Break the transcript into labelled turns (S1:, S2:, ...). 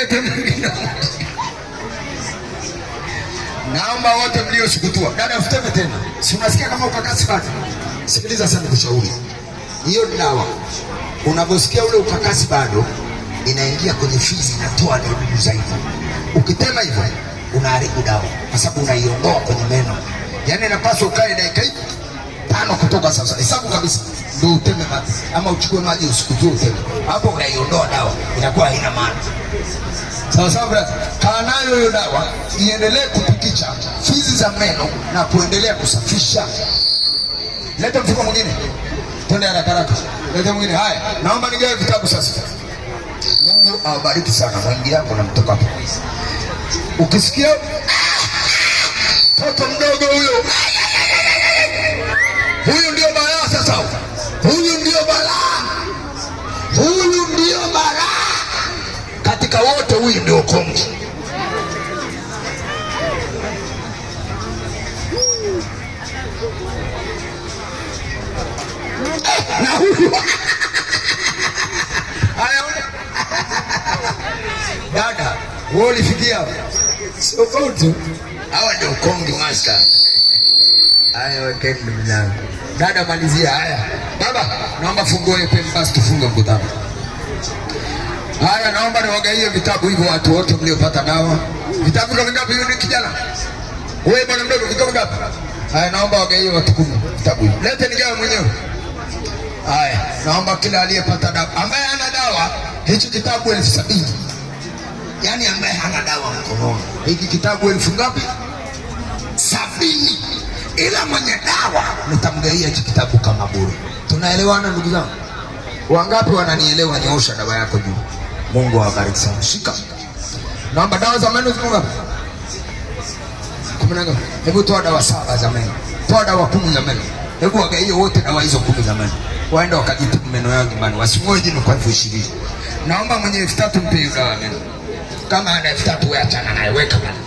S1: yetu mwingine. Naomba wote mliosukutua, dada Futeme tena, si unasikia kama ukakasi bado. Sikiliza sana kushauri, hiyo dawa unavyosikia ule ukakasi bado inaingia kwenye fizi, inatoa dudu zaidi. Ukitema hivyo unaharibu dawa, kwa sababu unaiondoa kwenye meno. Yani inapaswa ukae dakika tano kutoka sasa, hesabu kabisa ndio uteme maji ama uchukue maji usikujue uteme hapo, unaiondoa dawa, inakuwa haina maana. Sawa sawa, brother, kaa nayo hiyo dawa iendelee kupikicha fizi za meno na kuendelea kusafisha. Leta mfuko mwingine, twende haraka haraka, leta mwingine. Haya, naomba nigawe vitabu sasa. Mungu awabariki sana, maingi yako na mtoka hapo. Ukisikia toto mdogo huyo huyo huyu ndio Kongo. dada, wewe ulifikia hapo,
S2: sio kautu. Hawa ndio Kongo master. Haya, wekeni ndugu zangu.
S1: Dada, malizia haya. Baba, naomba fungue pembe basi tufunge mkutano. Haya, naomba niwagaie vitabu hivyo watu wote mliopata dawa. Vitabu ndio ngapi hivi kijana? Wewe bwana mdogo vitabu ngapi? Haya, naomba wagaie watu kumi vitabu hivi. Lete nigawe mwenyewe. Haya, naomba kila aliyepata dawa, ambaye ana dawa hicho kitabu elfu sabini. Yaani ambaye hana dawa mkononi. Hiki kitabu elfu ngapi? Sabini. Ila mwenye dawa nitamgaia hichi kitabu kama bure. Tunaelewana ndugu zangu? Wangapi wananielewa? Nyoosha dawa yako juu. Mungu awabariki sana. Shika. Naomba dawa za meno ziko Kumi na ngapi? Hebu toa dawa saba za meno. Toa dawa kumi za meno. Hebu wagaie wote dawa hizo kumi za meno. Waenda wakajitibu meno yao nyumbani. Wasimwoe jino kwa elfu ishirini. Naomba mwenye elfu tatu mpe dawa meno. Kama ana elfu tatu wewe achana naye, weka bana.